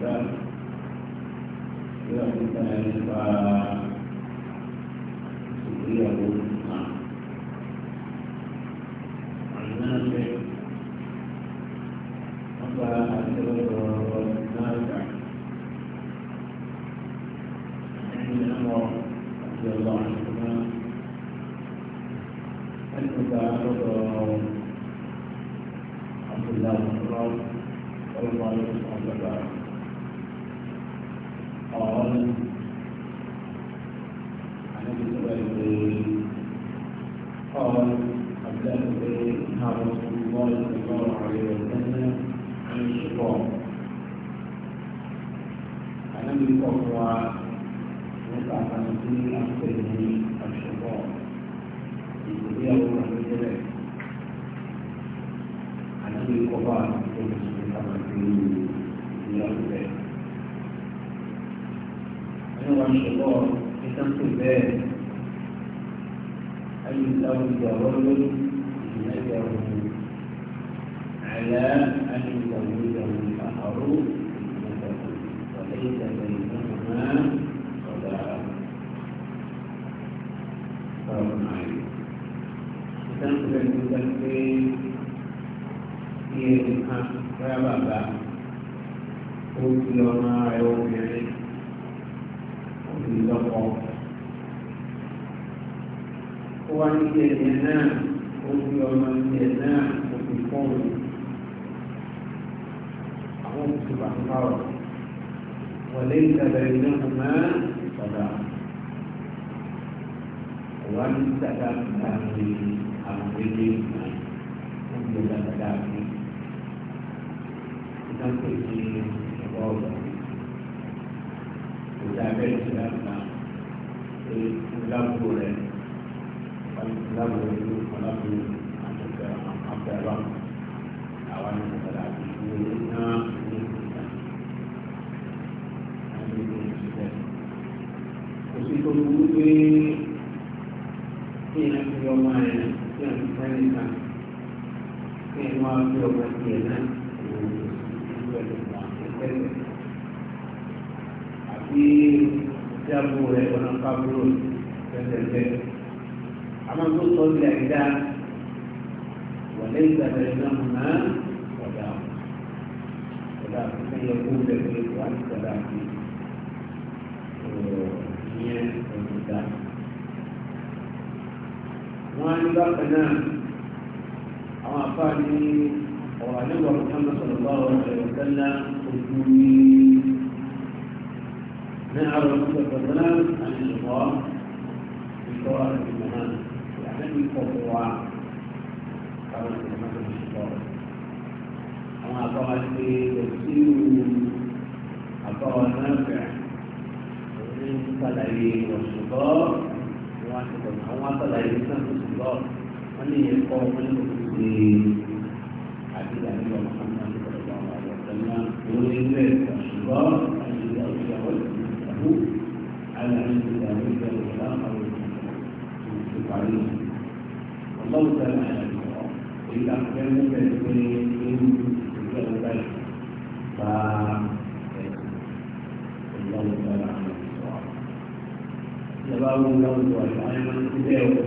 ìgbà ìgbà nípa nípa ìgbéyàwó nípa àná ṣe nípa àtẹ̀wọ̀ náà gbà ẹni ẹ̀rọ àti ọ̀la àti ọ̀la ẹni nípa ni ọ̀sẹ̀. ní ẹni kan bóyá bàbá ó ti lọ máa rẹ obìnrin ó ti lọ́kọ. ó wá ní ẹ̀yẹ náà ó fi ọmọ ẹ̀yẹ náà ó fi fọ́ọ̀nù àwọn òkú bàbá rẹ̀ wọlé ìtàbẹ̀rẹ̀ náà máa sọ̀dà wọ́n ní dada dada ní àwọn ẹgbẹ́ ìgbà wọ́n ní dada sáńpẹ̀ ní ẹ̀kọ́ ọ̀gá kò dá abẹ́rẹ́ sí lápá pé lábúrò rẹ̀ lábúrò rẹ̀ ló kọ́ lábúrò àtẹ̀kẹ́ àpẹ̀rọ àwọn ìṣẹ̀lẹ̀ àti ìṣòro náà ní ìgbà àti ìṣẹ̀lẹ̀ kò sí tó burú pé kí ẹ̀ fi ọmọ rẹ̀ ká kúrò tẹ́tẹ́tẹ́ àmọ́ tó sọ ní àyíká wọlé ìgbàgbọ́ náà mọ̀nà ọ̀dà ọ̀dà fún ẹyẹ kó lè pé wà á sọ̀dà sí ìyẹn ọ̀dà. wọ́n á ní bákan náà àwọn afáàní ọ̀rọ̀ àdébọ̀ mọ̀nà sọ̀rọ̀ bá ọ̀rọ̀ ẹ̀rọ sẹ́lá ojú ní. نهى الرسول صلى الله عليه وسلم عن اللقاء بقراءة المنام يعني القطوع كما سمعت الشيطان أما قال في تفسير أقوى نافع ومن طلعي والشطار واحد أما طلعي مثل الشطار أن يقوم بالتفسير حديث أبي محمد صلى الله عليه وسلم يقول إن الشطار الذي آخر في التعليم والله تعالى أعلم وإذا أحكمت بالدين تجاه ذلك ف والله تعالى أعلم جواب الله تعالى أعلم كتابه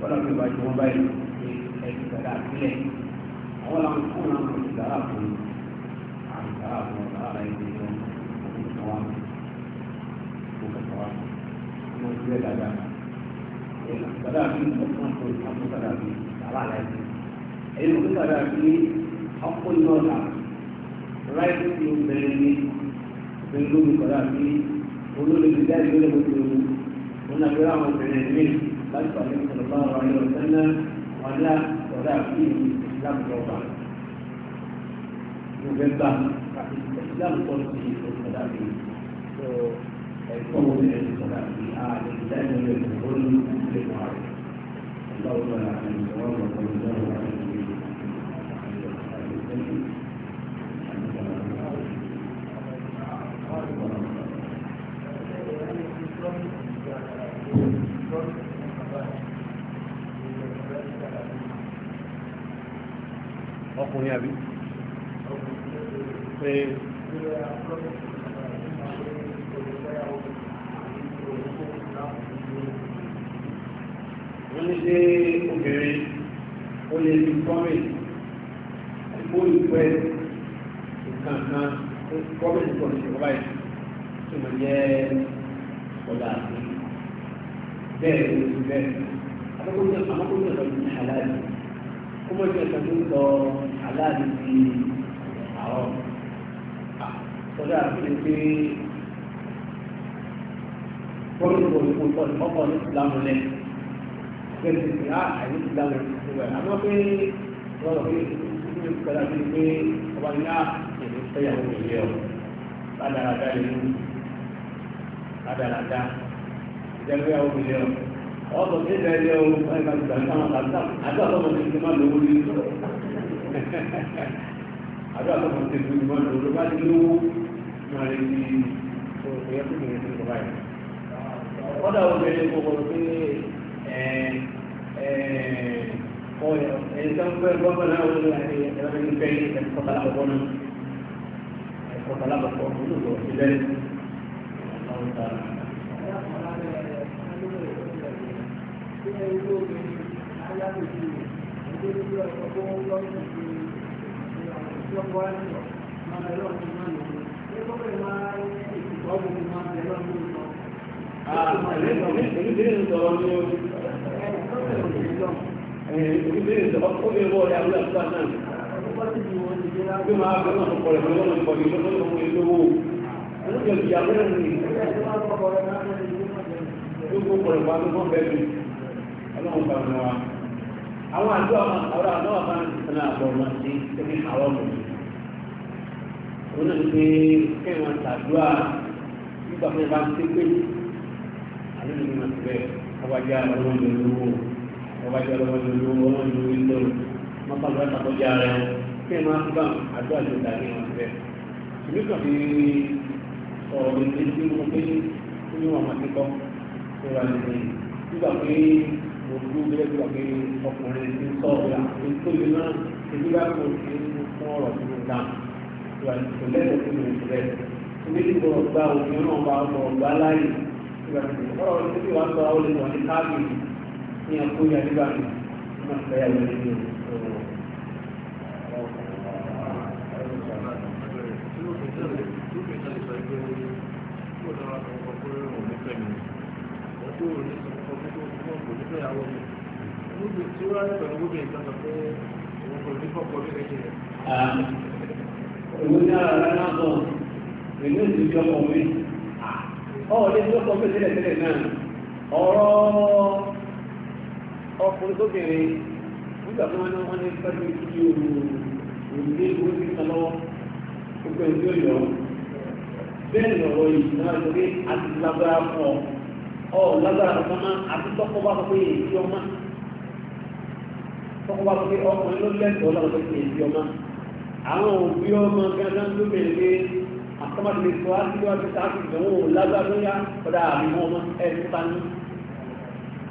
ولم يبعد موبايل في الكلام فيه أولا كنا في التعافي عن التعافي وتعالى يديهم الصواب kó kẹ̀kọ́ wa mo ti rẹ̀ dáadáa sọdá mi ọkùnrin tó ọkọ sọdá mi àbá láìpẹ́ èyí ló sọdá mi ọkọ ìlọ́ọ̀dà ráìpẹ́ ti bẹ̀rẹ̀ mi bẹ̀rẹ̀ lómi sọdá mi olóòlù ti dá ìgbélé mo ti wù wọn náà bẹ̀rẹ̀ àwọn obìnrin mi láti pàdé ìṣẹ̀lẹ̀ bá wà ní ọ̀sẹ̀ náà wọn dá sọdá mi lábùjọba mo fẹ́ gbà láti ìṣẹ̀lẹ̀ bá wà ní ọ̀sẹ̀ يكن بدعة اللهم عن الصواب وقل الله عن ọkùnrin àbí pé ṣé obìnrin ó lè fi kọ́mẹ̀tì àgbo ìpẹ́ nǹkan kan kọ́mẹ̀tì pọ̀ ní ìjọba yìí tí mo jẹ́ ọ̀dà àti bẹ́ẹ̀ ló ti bẹ́ẹ̀ amákòóyè amákòóyè lọ sí aláàbí kó mọ̀ jẹ́ ìtọ́jú sọ aláàbí di àwọn ọ̀dà àti pé kọ́mẹ̀tì pọ̀ ní ìjọba ọkọ̀ ní ìsìlámù lẹ́yìn bẹ́ẹ̀ ti fi ah, àyè ti dáhùn ìwé àmọ́ pé wọ́n rọ̀ pé ìdílé ti kọ́lá sí pé ọba ní àyè fẹ́yàwó ìlé ọ̀ ládàradà lè mú ládàradà ìjẹ́gbéyàwó ìlé ọ̀ ọ̀sọ̀ tí ìlẹ̀ ilé ọ̀ ẹ̀ máa gbà sáwọn kàtà àti àtọ́mọ̀ tí ti máa lówó ní ìlú àti àtọ́mọ̀ tí ti máa lówó ló bá ti lówó máa lè fi òṣèré fún ìrẹsì ìjọba yìí. ọ̀dà entonces vamos a hablar de la que se corta la bocona se corta la bocona y de Ah, el Àwọn àjọ àwọn àjọ àwọn ìsìnkú àbọ̀ wọn sí ẹni àwọn ọmọ yìí. Òun náà ń pé kẹ́wọ̀n tàdúrà nígbà fún ìbá ń pépé. Àlejò ní wọn ti bẹ̀rẹ̀ ọwájá ọlọ́run lórí owó ọba jẹ́ ọlọ́mọdé ló ń wọ́n ló ń lò mọ́tò ọ̀gá ìtàkọ́jà ìdàgbé wọn bẹ́ẹ̀. ìlú kan fi sọ̀rọ̀ lè ti mú pé ó ní wọn máa ti kọ́ tó wà lè rìn nígbà pé mo dúró gẹ́gẹ́ bí wà pé ọkùnrin ti ń sọ ọ̀gá àti tó lè máa ebi bá kó ti ń fún ọ̀rọ̀ tó ń dà tó wà lè tó lẹ́sẹ̀ tó lè rẹ̀ ilé tí kò òfin náà bá ọkọ̀ gbà láyè ìgbà tó ọ̀rọ̀ tó ti wà gbà ó lè wà ní káàkiri ní ẹ̀kọ́ yà nígbà mi náà fẹ́ yà lórí mi Ìwé ní ara náà sọ̀rọ̀, ìlú ìdíjọ́ kọ̀wé. Ọ̀ọ́dé tó kọ̀wé sílẹ̀ sílẹ̀ náà, ọ̀rọ̀ ọkùnrin tó bèrè nígbà tó wọn ní wọn ní pẹ̀lú ìdí òrùlé ìwé níta lọ́wọ́ gbogbo ẹni tó yọ bẹ́ẹ̀ lọ́rọ̀ yìí náà ló dé àti lágbára fún ọ ọ lágbára fún ọmọ àti tọkọ bá fún yìí èyí ọmọ tọkọ bá fún yìí ọkùnrin ló lẹ́tọ̀ọ́ lọ́wọ́ fún yìí èyí ọmọ àwọn òbí ọmọ gángan tó bèrè pé àtọ́mọdé lè sọ á sí wájú tá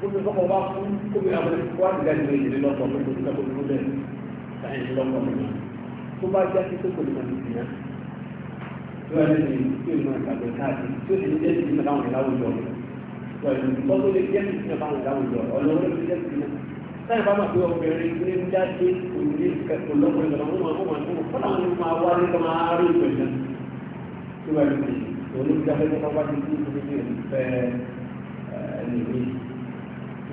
kóbi kọ́kọ́ bá fún kóbi àwọn wá ti dájú ní ìdílé lọ́kọ̀ pé kóbi kọ́kọ́ dúró bẹ́ẹ̀ láyé ní lọ́kọ̀ mi tó bá já sí kókò nìkan ti dìyà tó yà lẹ́yìn tí o máa gbàgbé káàkiri tí o sì ní jẹ́sí ìdílé káwọn ìdáwùjọ tó yà lẹ́yìn tó lè jẹ́sí ìdílé káwọn ìdáwùjọ ọlọ́wọ́ lè jẹ́sí ìdílé sáyà bá máa fi ọkùnrin ní ní jáde òní kẹsàn-án lọ́kùnrin lọ́wọ́ wọn máa wọn máa fọ́nà wọn máa wá ní kọ́ máa rí ìpẹ̀lẹ̀ tó yà lẹ́yìn olùdíjáfẹ́ tó bá wá ti kú ní ìfẹ́ ẹ̀ nìyí.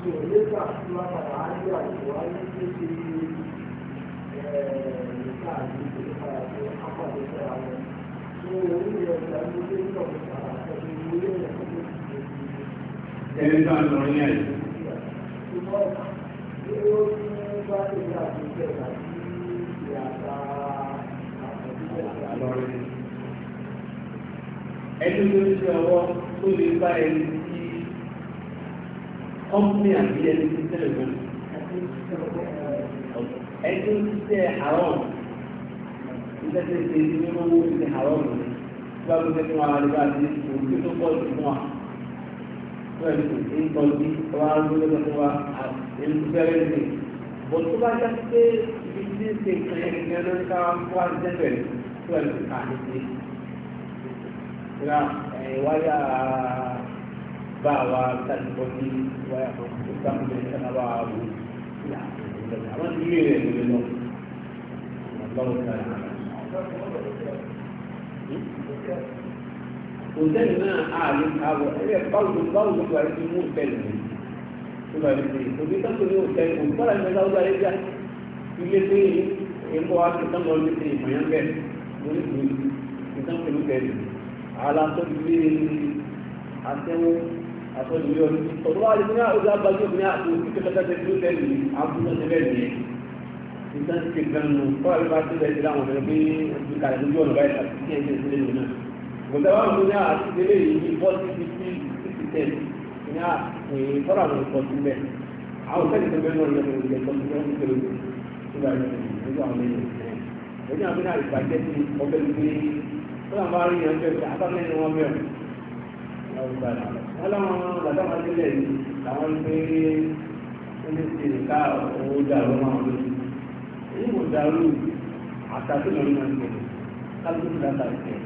ẹni tó ń ṣe ọwọ́ tó lè bá ẹni tí kọ́mpínì àbí ẹni tí tẹ́lẹ̀ fún ẹni tí tẹ́ àrọ́m nígbà tí tẹ́ ní owó ti àrọ́m rẹ̀ nígbà tó tẹ́ fún wa rẹ̀ bá ti kò tí tó pọ̀ sí fún wa fún ẹni tó ń tọ́ sí wa lórí ẹgbẹ́ fún wa ẹni tó fẹ́rẹ́ bọ̀ tó bá já sí pé ibi tí ń ṣe nǹkan yẹn ní ẹni ká fún wa jẹ́bẹ̀ fún ẹni tó kà á ní ba wa talibobi wa ya ko samu da ita na ba abu ya amma ah, ni ne ne ne no Allah ta ala òtẹ́lì náà ààrẹ àwọ̀ ẹgbẹ́ báwùjọ báwùjọ tó àrẹ ti mú òtẹ́lì mi tó bá rí sí òbí sọ́kò ní òtẹ́lì kò gbọ́dọ̀ ní ọjọ́ ọjọ́ ẹgbẹ́ ilé pé ẹ̀kọ́ wa ti sọ́kò ní ti ìmọ̀yán bẹ́ẹ̀ lórí ìlú ìsọ́kò ní òtẹ́lì alákòóbí àtẹ́wọ́ àtọ́jú yọ ní ọ̀dọ́ wa ní àwọn ọ̀dọ́ abájú ní àti òkúta kẹta tó tẹ̀lé àbúrò ní bẹ́ẹ̀ nìyẹn nígbà tí kò gan nù kọ́ àbí bá tó bẹ́ẹ̀ ti láwọn ọ̀dọ́ pé ojú kàlẹ́ lójú ọ̀nà báyìí àti kí ẹ̀jẹ̀ sílẹ̀ lónà gbọ̀dá wa mú ní àti délé yìí bọ́ sí ti fi ti tẹ̀ ní à tọ́lá àwọn ọkọ̀ sí bẹ́ẹ̀ àwọn sẹ́ni tó bẹ́ẹ̀ náà lọ́wọ́ ìjẹ́ tó ń tẹ̀lé nígbà tí wọ́n lé ẹ̀yìn àbí náà ìbàjẹ́ sí ọbẹ̀ gbé tọ́lá bá rí ẹ̀jẹ̀ àbámẹ́ni wọn mẹ́rin láwùjọ àná ọlọ́run bàtàmà sílẹ̀ yìí làwọn pé ẹni tí ká owó dàrú máa ń lójú èyí kò dàrú àtàkì lórí máa ń tẹ̀ kálukú ti dáta ìtẹ̀.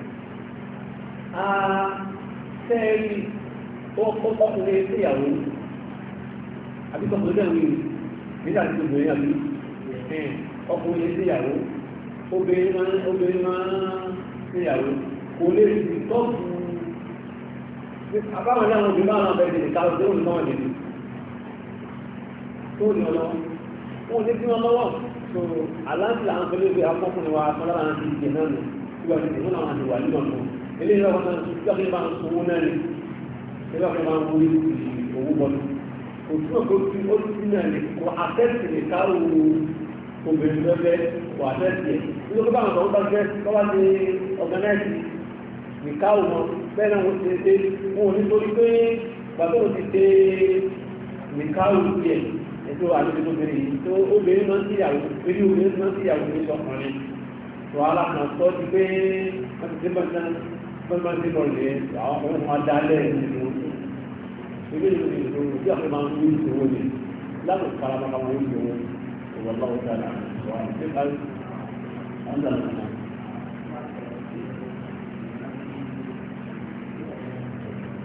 sẹ́ẹ̀rì ọkùnrin síyàwó àbí kọkùnrin náà wíwì nígbà tí obìnrin àbí ọkùnrin síyàwó obìnrin máa ń síyàwó kò lè rí tọ́pù àbáwọn náà wọ́n ti bá wọn bẹ̀rẹ̀ ìta ọdún òun náà nìyí tó ní ọlọ́wọ́ wọn ní tí wọ́n lọ́wọ́ tó aláǹtí là ń fẹ́lẹ́ bí akọ́kùnrin wa akọ́lára ń ti jẹ náà nù tí wọ́n ti tẹ̀wọ́n náà wọn ti wà nínú ọ̀nà eléyìí lọ́wọ́ náà tí wọ́n fi máa ń sọ owó náà ni eléyìí wọ́n fi máa ń wọlé owó bọ́lú kò túnbọ̀ kó tí ó ti ti náà ni kò àtẹ́sì lè ká o obìnrin lọ́fẹ́ kò àtẹ́sì bẹ́ẹ̀ wọ́n ti ṣe wọn ò nítorí pé bàtọ́ ti ṣe nìkáwù díẹ̀ ètò àlejò obìnrin tó obìnrin náà sí ìyàwó eré obìnrin náà sí ìyàwó ní ọkùnrin wàhálà kan sọ ti pé wọ́n ti ṣe bọ́ńdán bọ́ńdán ti lọ rèé àwọn ọkùnrin máa dá lẹ́yìn nínú ìlú ìlú ìlú tí àwọn máa ń wí ìṣòwò ni láti fara máa wí ìṣòwò ìwọ̀n bá wọ́n dára wà á ti ká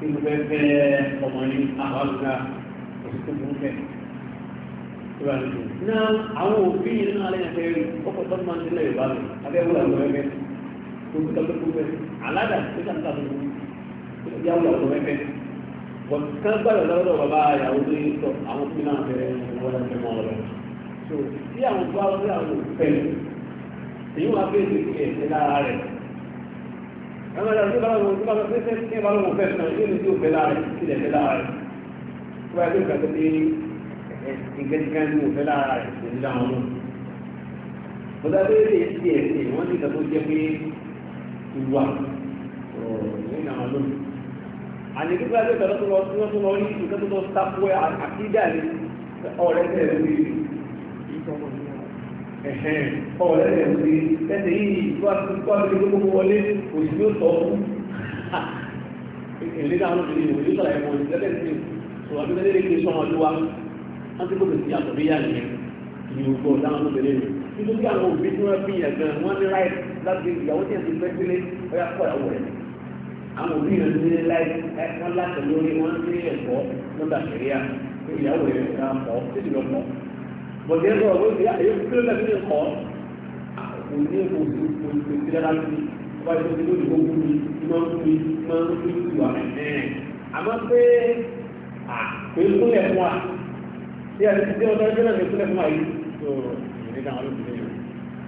tí mo fẹ́ fẹ́ ọmọ ní àwọn àlùkà òsì tó burú fẹ́ ìwà nìyí. na àwọn òfin yìí náà lẹ́yìn fẹ́ rí ọkọ̀ tó máa ń tẹ́lẹ̀ ìbá mi abẹ́ wúlò àwọn ẹgbẹ́ tó kú tọ́lú kú fẹ́ aládà tó kà ń tà fún mi ìyá wúlò àwọn ẹgbẹ́ bọ̀t kán gbàdọ̀ lọ́dọ̀ bàbá ìyàwó tó yẹ sọ àwọn òfin náà fẹ́ wọ́n fẹ́ mọ́ ọ̀rọ̀ so tí àwọn tó ẹ̀rọ ìjà tó bá lọ sí bá lọ sí sí bá lọ́wọ́ fẹ́ sàn yóò ní tí ó fẹ́ láàrẹ̀ sílẹ̀ fẹ́ láàrẹ̀ tó bá yẹ kó kàtó pé ìgbẹ́dìkan ní òfẹ́ láàrẹ̀ sí ní láwọn mú. mo dábẹ́ lè ti ẹ̀ sí wọ́n ti kàtó jẹ́ pé ìwà nínú àwọn lónìí. àníkí bá yẹ kó kàtó lọ sí wọ́n tó lọ rí ìkàtó tó sáfù ọ̀rẹ́ tẹ̀lé ọwọ́ lẹ́sẹ̀ ń di lẹ́sẹ̀ yìí kó àti kó gbogbo wọlé òsì yóò tọ́ fún èlé náà lóde ìwé yóò sàlàyé wọn òsì lẹ́sẹ̀ sí sọ̀rọ̀ àti lẹ́sẹ̀ lè sọ wọn lúwa wọn ti gbọdọ̀ sí àtọ̀ bí yà nìyẹn ìlú gbọ́ dáhùn lóde lẹ́nu nítorí àwọn òbí tí wọ́n fi yàn gan wọ́n ní láì láti ìyàwó tí wọ́n ti fẹ́ sílé ọ̀yà pọ̀ ìyàwó rẹ̀ àwọn òbí yàn ní láì wọ́n láti lórí wọ́n ní ẹ̀kọ́ lọ́dà kẹ̀ríà ìyàwó rẹ̀ kà mọ́ títí lọ́mọ́ bọ̀dé ẹ̀rọ ọ̀rọ̀ ìgbé àyè kíló lẹ́bí ní kọ́ kò ní èkó sí oṣù tí dára sí ọba ìṣó ti lóde kó kú mi tí máa ń kú mi tí máa ń kú mi wà àmọ́ pé àpè kúlẹ̀ fún wa tí a ti tí ọjọ́ ìjọba ìgbé kúlẹ̀ fún wa yìí tó ìrìn àwọn olóògbé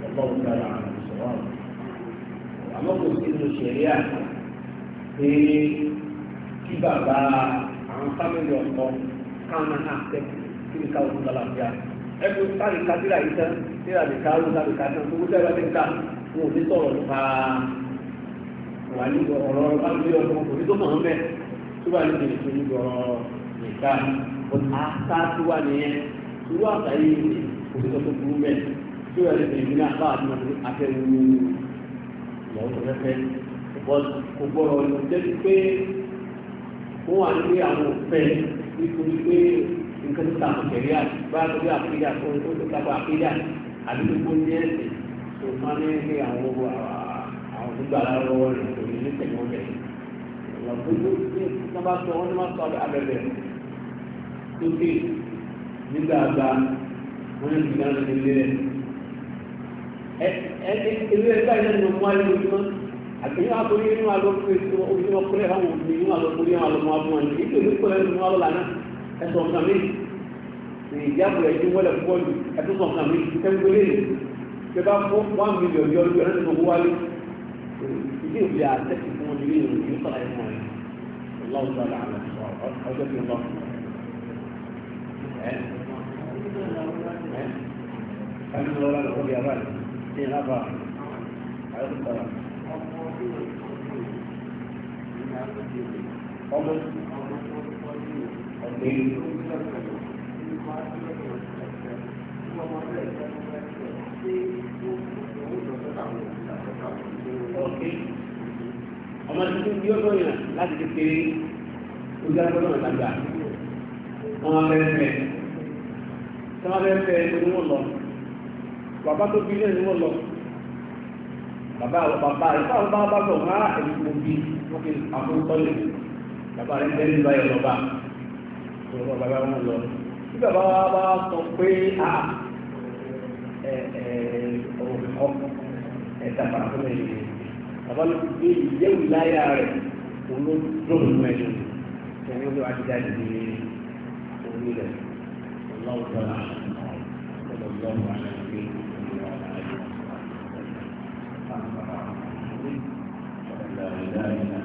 ọgbà òkúta àwọn ìṣòro àmọ́ kò sí inú ṣẹ̀ríà pé kí bàbá àwọn fámìlì ọ̀pọ̀ káwọn náà tẹ̀ kí ní káwọn tó lọ́la bí i ẹnu sáré kásíra yìí tán síra lè ká ló sáré kásíra tó wọ́n dára níta wọn ò ní sọ̀rọ̀ nípa wà ní ọ̀rọ̀ bá ń gbé ọdún kò ní tó mọ̀ ọ́n bẹ́ẹ̀ tó bá ní bèrè tó ní gbọ́ nìka àṣà tó wà nìyẹn tó wà sáyé kò ní tó tó burú bẹ́ẹ̀ tó yà lè bèrè ní apá àti àtẹnu nǹkan tó ta àkùkẹ̀rí à bá a tóbi àkúrídà kó o tó ta kó àkúrídà àbí gbogbo ní ẹ̀sìn tó má ní ní àwọn owó àwọn tó gbà lọ́wọ́ rẹ̀ kò ní ní tẹ̀lé ọ̀bẹ̀ ọ̀rọ̀ gbogbo ní wọ́n bá sọ wọ́n ní wọ́n sọ abẹ́bẹ̀ tó dé nígbà àgbà wọ́n ní ìgbà ní ilé rẹ̀ ẹ ẹ ilé ẹgbẹ́ yẹn ló mú ayé lójúmọ́ àtẹ̀yìn àkórí inú alọ́kùnrin tó ojú ọkùnrin àwọn òbí inú alọ́kùnrin àwọn ọmọ abúlé nítorí kọ́lẹ́ nínú alọ́lá náà. ẹsọ nǹkan mi èyí ìyàbò ẹjú wọlé púpọ̀jù ẹtúsọ nǹkan mi kẹ́gbélé rẹ̀ pé bá fún one million yọ ọdún ẹ̀rọ tó wálé ìdí òbí àtẹ́kì fún ọdún yìí ní ìlú sọ̀rọ̀ ẹ̀fọn rẹ̀ ọlọ́run tó àlà àlà ọjọ́ tó lọ. ẹnu lọ́la lọ́wọ́ bí abáyé ní ìlàbà ayélujára. ọmọ ọmọ ọmọ tuntun bí ó lóyún láti kékeré ojú agbọ́dọ̀ náà lágbà wọn abẹ́rẹ́ tí wọn abẹ́rẹ́ fẹ́ ẹni wọn lọ bàbá tó bí náà ni wọn lọ bàbá àwọn bàbá rẹ fáwọn bá bá bọ̀ wọn á ẹni tó bí wọn fi àwọn tọ́lẹ̀ bàbá rẹ ń bẹ́ẹ̀ nígbà yẹn lọ́ba ìrọ̀lọ́ bàbá wọn lọ tí bàbá wa bá sọ pé a ọ̀rọ̀ ẹ̀ta pàtó lè yẹ bàbá ló ti gbé ìyẹ́wù láyà rẹ̀ olódòdó mẹ́jọ ìyẹn ló wá ti jáde ní orí rẹ̀ ọlọ́wọ́ tó rà ọlọ́wọ́ àlẹ́ ìgbé ìwà àlẹ́ ìwà àlẹ́ ìwà àlẹ́ ìwà.